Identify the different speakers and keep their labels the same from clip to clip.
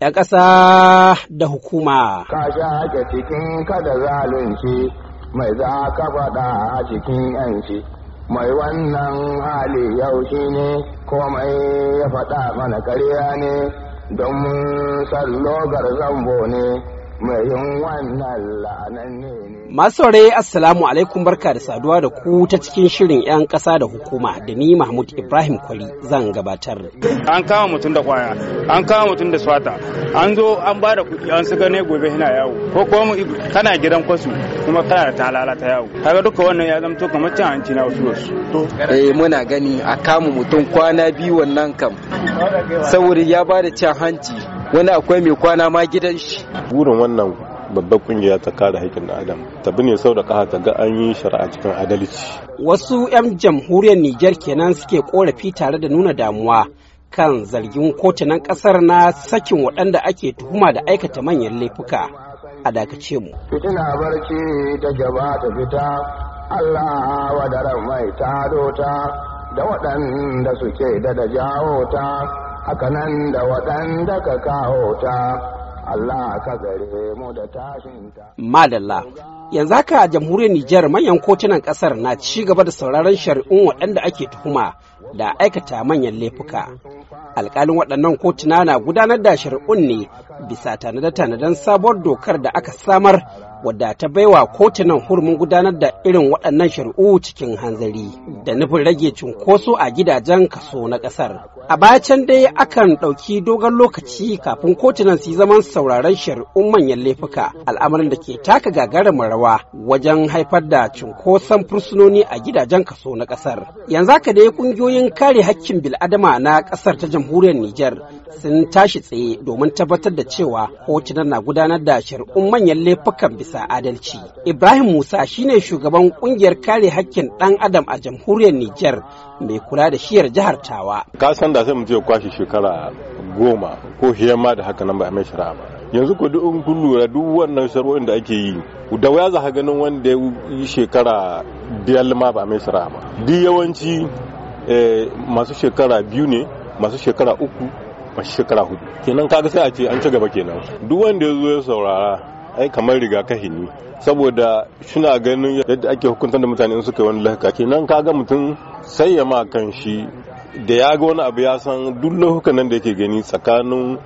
Speaker 1: ‘ya ƙasa da hukuma.
Speaker 2: Ka sha ake cikin kada zalunci mai za ka faɗa a cikin ‘yanci, mai wannan hali yau ne komai ya faɗa mana karya ne don mun logar zambo ne.
Speaker 1: Masore Assalamu alaikum barka da saduwa da ku ta cikin shirin 'yan ƙasa da hukuma da ni Mahmud Ibrahim Kwari zan gabatar.
Speaker 3: An kama mutum da kwaya, an kama mutum da swata, an zo an ba da kuɗi an su gane gobe yana yawo, ko kuma kana gidan kwasu kuma kana da talala ta yawo. Kaga duka wannan ya zamto kamar cin hanci na wasu wasu. Eh muna gani a
Speaker 4: kama mutum kwana biyu wannan kam. Saboda ya ba da cin hanci wani akwai mai kwana ma gidan shi burin wannan babbar kungiya ta kare haƙƙin ɗan adam ta bi ne sau da ta ga an yi shari'a cikin adalci wasu 'yan jamhuriyar niger kenan
Speaker 1: suke korafi tare da nuna damuwa kan zargin kotunan ƙasar na sakin waɗanda ake tuhuma da aikata manyan laifuka a dakace mu
Speaker 2: fitina barci ta gaba ta fita allah wadaran mai ta da waɗanda suke da da jawo ta hakanan da waɗanda ka kawo ta Allah ka gare mu da tashin ta.
Speaker 1: Madalla, yanzu haka jamhuriyar Nijar manyan kotunan ƙasar na ci gaba da sauraron shari'un waɗanda ake tuhuma da aikata manyan laifuka. Alƙalin waɗannan kotuna na gudanar da shari'un ne bisa tanade tanadan sabuwar dokar da aka samar wadda ta baiwa kotunan hurumin gudanar da irin waɗannan shari'u cikin hanzari da nufin rage cunkoso a gidajen kaso na ƙasar. A baya dai akan ɗauki dogon lokaci kafin kotunan su zaman sauraron shari'un manyan laifuka al'amarin da ke taka gagarumin rawa wajen haifar da cunkoson fursunoni a gidajen kaso na ƙasar. Yanzu haka dai ƙungiyoyin kare hakkin bil'adama na ƙasar ta jamhuriyar Nijar sun tashi tsaye domin tabbatar da cewa kotunan na gudanar da shari'un manyan laifukan bisa bisa adalci. Ibrahim Musa shine shugaban kungiyar kare hakkin ɗan adam a jamhuriyar Nijar mai kula
Speaker 4: da shiyar jihar Tawa. Ka san da sai mu je kwashi shekara goma ko hiyar ma da haka nan ba mai shari'a ba. yanzu ko duk in kun lura duk wannan shari'o'in da ake yi da waya za ganin wanda ya yi shekara biyar ma ba mai shari'a ba duk yawanci eh, masu shekara biyu ne masu shekara uku masu shekara hudu kenan kaga sai a ce an ci gaba kenan duk wanda ya zo ya saurara ai kamar rigakafi ne saboda suna ganin yadda ake hukunta da mutane in suka yi wani lahka kenan kaga mutum sai ya ma kan shi da ya ga wani abu ya san duk lahukan nan da yake gani tsakanin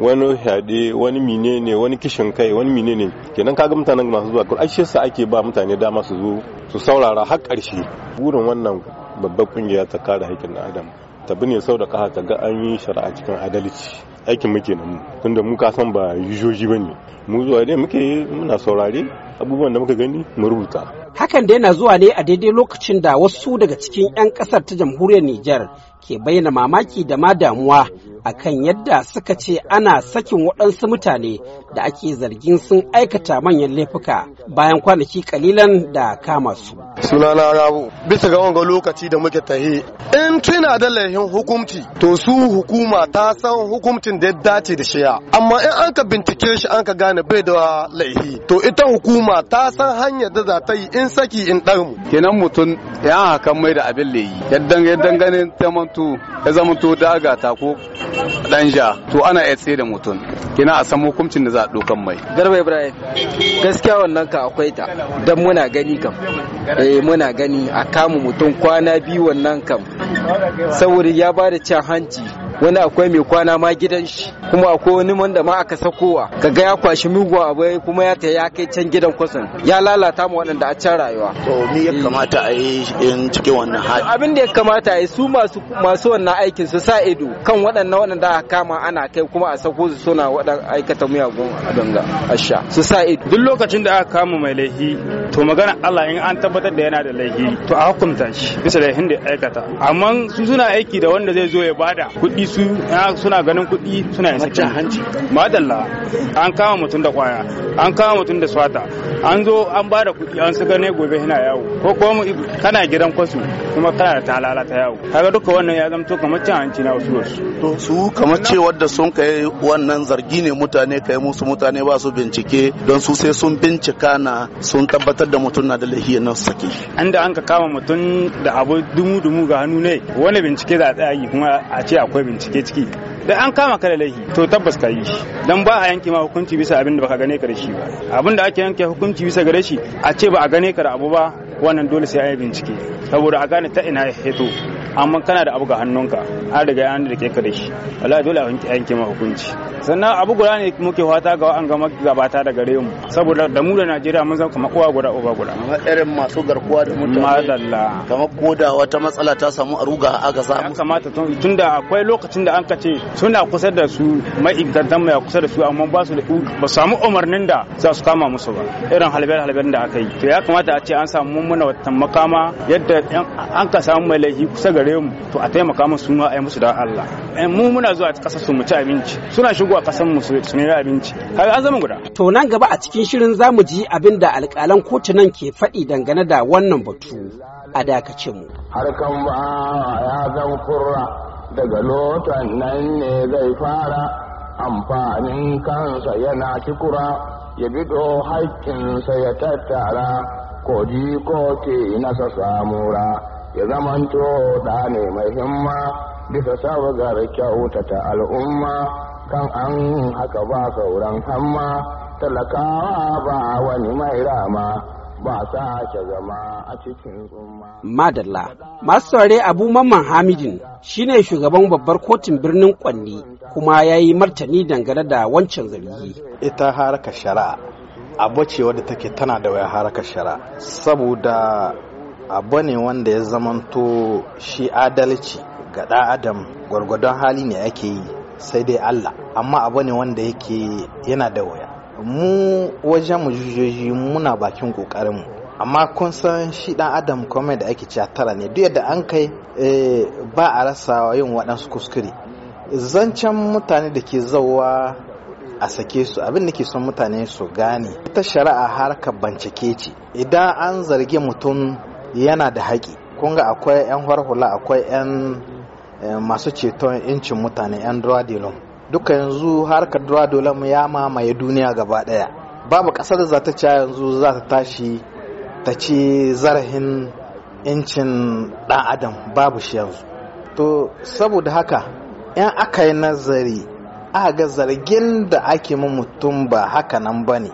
Speaker 4: wani haɗe wani mine wani kishin kai wani mine ne kenan kaga mutanen masu zuwa kuma ashe sa ake ba mutane dama su zo su saurara har ƙarshe burin wannan babbar kungiya ta kare haƙƙin adam tabi ne sau da kaha ta ga an yi shari'a cikin adalci aikin muke nan tunda muka san ba yujoji ba ne mu zuwa dai muke muna saurare abubuwan da muka gani mu rubuta
Speaker 1: hakan da yana zuwa ne a daidai lokacin da wasu daga cikin 'yan kasar ta jamhuriyar Nijar ke bayyana mamaki da ma damuwa akan yadda suka ce ana sakin waɗansu mutane da ake zargin sun aikata manyan laifuka bayan kwanaki kalilan da kama su.
Speaker 4: Sunana Rabu, bisa ga wanga lokaci da muke tahi, in tuna da laifin hukumci to su hukuma ta san hukumcin da ya dace da shiya, amma in an ka bincike shi an ka gane bai da laihi, to ita hukuma ta san hanyar da za ta yi in saki in ɗar mu. Kenan mutum ya hakan mai da abin layi, yadda ganin tamantu ya to daga ta ko danja to ana iya tsaye da mutum kina a san hukuncin da za a dokan mai
Speaker 1: garba ibrahim gaskiya wannan ka akwai ta dan muna gani kam eh muna gani a kama mutum kwana biyu wannan kam saboda ya bada cin hanci wani akwai mai kwana ma gidan shi kuma akwai wani wanda ma aka sakowa kaga ya kwashi mugun abu kuma ya ta ya kai can gidan kwasan ya lalata mu waɗanda a can rayuwa to
Speaker 3: ni ya eh. kamata a
Speaker 1: yi in cikin wannan hali abin da ya kamata a yi su masu masu wannan aikin su sa ido kan waɗannan waɗanda aka kama ana kai kuma a sako su suna waɗan aikata miyagun adanga asha
Speaker 3: su sa ido duk lokacin da aka kama mai laifi to magana Allah in an tabbatar da yana da laifi to a hukunta shi bisa da hinda aikata amma su suna aiki da wanda zai zo ya bada kuɗi su suna ganin kuɗi suna kamar cin hanci madalla an kama mutum da kwaya an kama mutum da swata an zo an ba da kuɗi an su ne gobe yana yawo ko kuma kana gidan kwasu kuma kana da talala ta yawo kaga duka wannan ya to kamar cin hanci na wasu wasu to su kamar cewar da sun kai wannan zargi ne mutane kai musu mutane ba su bincike don su sai sun bincika na sun tabbatar da mutum na da lahiya na sake da an ka kama mutum da abu dumu dumu ga hannu ne wani bincike za a tsaya kuma a ce akwai bincike ciki da an kama kala da laihi to tabbas ka yi dan ba a yanke ma hukunci bisa abin da baka gane ka da shi ba abin da ake yanke hukunci bisa gare shi a ce ba a gane ka da abu ba wannan dole sai a yi bincike saboda a gane ta ina ya fito amma kana da abu ga hannunka an riga an rike ka da shi wallahi dole an yanke ma hukunci sannan abu guda ne muke fata ga an gama gabata da gare mu saboda da mu da Najeriya mun zama kamar uwa guda uba guda irin masu garkuwa da mutane madalla kamar koda wata matsala ta samu a ruga ga samu kamata tunda akwai lokacin da an kace suna kusa da su ingantan mai kusa da su amma ba su da ba samu umarnin da za su kama musu ba irin halbel halbel da aka yi to ya kamata a ce an samu mun wata makama yadda an ka samu mai laifi kusa ta gare mu to a taimaka musu ma a musu da Allah eh, mu muna zuwa kasar su mu ci abinci suna a kasar mu su
Speaker 1: ne abinci kaga an zama guda to nan gaba a cikin shirin zamu ji abin da alƙalan nan ke faɗi dangane da wannan batu a dakace mu
Speaker 2: harkan ba ya zan kurra daga lotan nan ne zai fara amfanin kansa yana kikura ya bido haƙƙinsa ya tattara ko ji ko ke nasa samura ya zamanto da ne mai himma bisa sabgar kyautata al'umma kan an haka ba sauran hamma talakawa ba wani mai rama ba sake zama a cikin umma.
Speaker 1: Madalla, masu saurare Abu Mamman Hamidin shine shugaban babbar kotun birnin Kwanni kuma ya yi martani dangane da wancan zargi. Ita harkar shari'a abu ce wadda take tana da waya harkar shari'a
Speaker 5: saboda abu ne wanda ya zamanto shi adalci ga ɗan adam gwargwadon hali ne ake yi sai dai allah amma abu ne wanda yake yana da waya mu wajen mu jujjoji muna bakin mu, amma kun san shi ɗan adam kome da ake cewa tara ne duk yadda an kai eh, ba a rasa yin waɗansu kuskure zancen mutane da ke zauwa a sake su abin da ke son mutane su gane ta shari'a harkar bincike ce idan an zargi mutum yana da haƙi kunga akwai 'yan hula akwai 'yan eh, masu ceton incin mutane 'yan duradilon duka yanzu harkar duradilon ya mamaye duniya gaba ɗaya babu ƙasar da za ta ci yanzu za ta tashi ta ci zarafin incin ɗan adam babu shi yanzu to saboda haka 'yan aka yi nazari aka ga zargin da ake mutum ba haka nan ba ne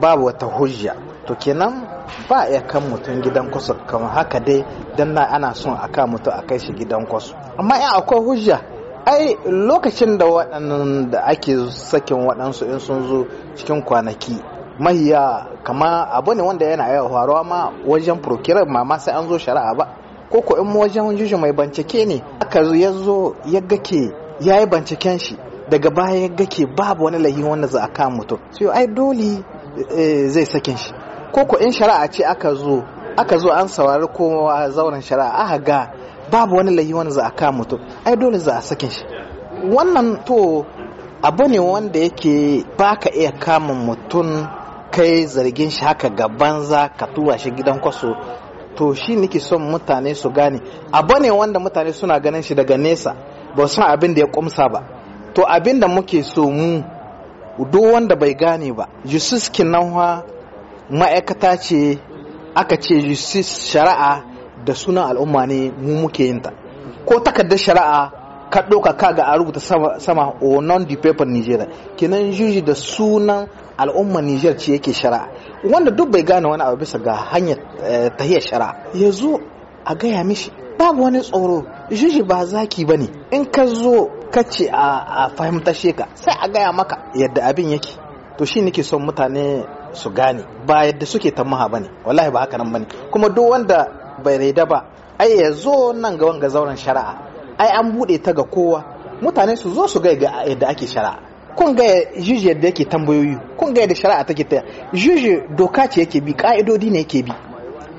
Speaker 5: babu wata hujja to kenan ba ya kan mutum gidan kwaso kamar haka dai don na ana son a ka mutum a kai shi gidan kwaso amma in akwai hujja ai lokacin da waɗannan da ake sakin waɗansu in sun zo cikin kwanaki mahiya kama abu ne wanda yana yawa faruwa ma wajen prokirar ma ma sai an zo shari'a ba ko ko in wajen juju mai bincike ne aka ya zo ya gake ya yi binciken shi daga baya ya gake babu wani lahi wanda za a kama mutum sai ai eh, zai sakin shi ko kuɗin in shari'a ce aka zo aka zo an saurari kowa zauren shari'a aka ga babu wani layi wani za a kama mutum ai dole za a sakin shi wannan to abu ne wanda yake baka iya kama mutum kai zargin shi haka gaban za ka tura shi gidan kwaso to shi nake son mutane su gane abu ne wanda mutane suna ganin shi daga nesa ba san abin da ya kumsa ba to abin da muke so mu duk wanda bai gane ba yusuf kinan ma'aikata ce aka ce justice shari'a da sunan al'umma ne mu muke yin ta ko takardar shari'a ka ɗauka ga a rubuta sama, sama o non di paper nigeria kenan juji da sunan al'umma niger ce yake shari'a wanda duk bai gane wani abu bisa ga hanyar eh, tahiyar shari'a ya zo a gaya mishi babu wani tsoro juji ba zaki ba ne in ka zo ka ce a fahimtashe ka sai a gaya maka yadda abin yake to shi nake son mutane su gane ba yadda suke tamaha ne wallahi ba haka nan bane kuma duk wanda bai raida ba ai ya zo nan ga wanga zauren shari'a ai an bude ta ga kowa mutane su zo su ga yadda ake shari'a kun ga juji yadda yake tambayoyi kun ga yadda shari'a take ta juji doka ce yake bi ka'idodi ne yake bi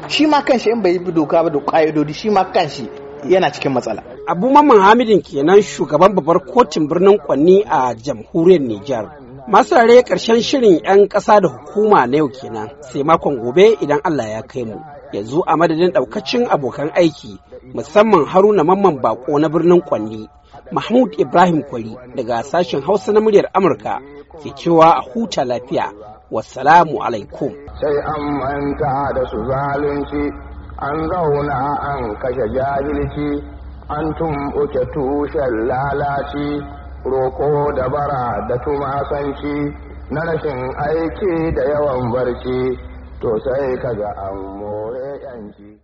Speaker 1: shi ma kanshi in bai bi doka ba da ka'idodi shi ma kanshi yana cikin matsala abu mamman hamidin kenan shugaban babbar kotun birnin kwanni a jamhuriyar nijar Masu rare ƙarshen shirin 'yan ƙasa da hukuma na yau kenan sai makon gobe idan Allah ya kai mu. Yanzu a madadin ɗaukacin abokan aiki musamman Haruna Mamman Bako na birnin Kwanni, Mahmud Ibrahim Kwari daga sashen Hausa na muryar Amurka ke cewa a huta lafiya. Wassalamu alaikum.
Speaker 2: Sai an manta da su zalunci, an zauna an kashe jahilci, an tumɓuke tushen lalaci. roƙo da bara da tumasanci na rashin aiki da yawan barci to sai kaga an more yanci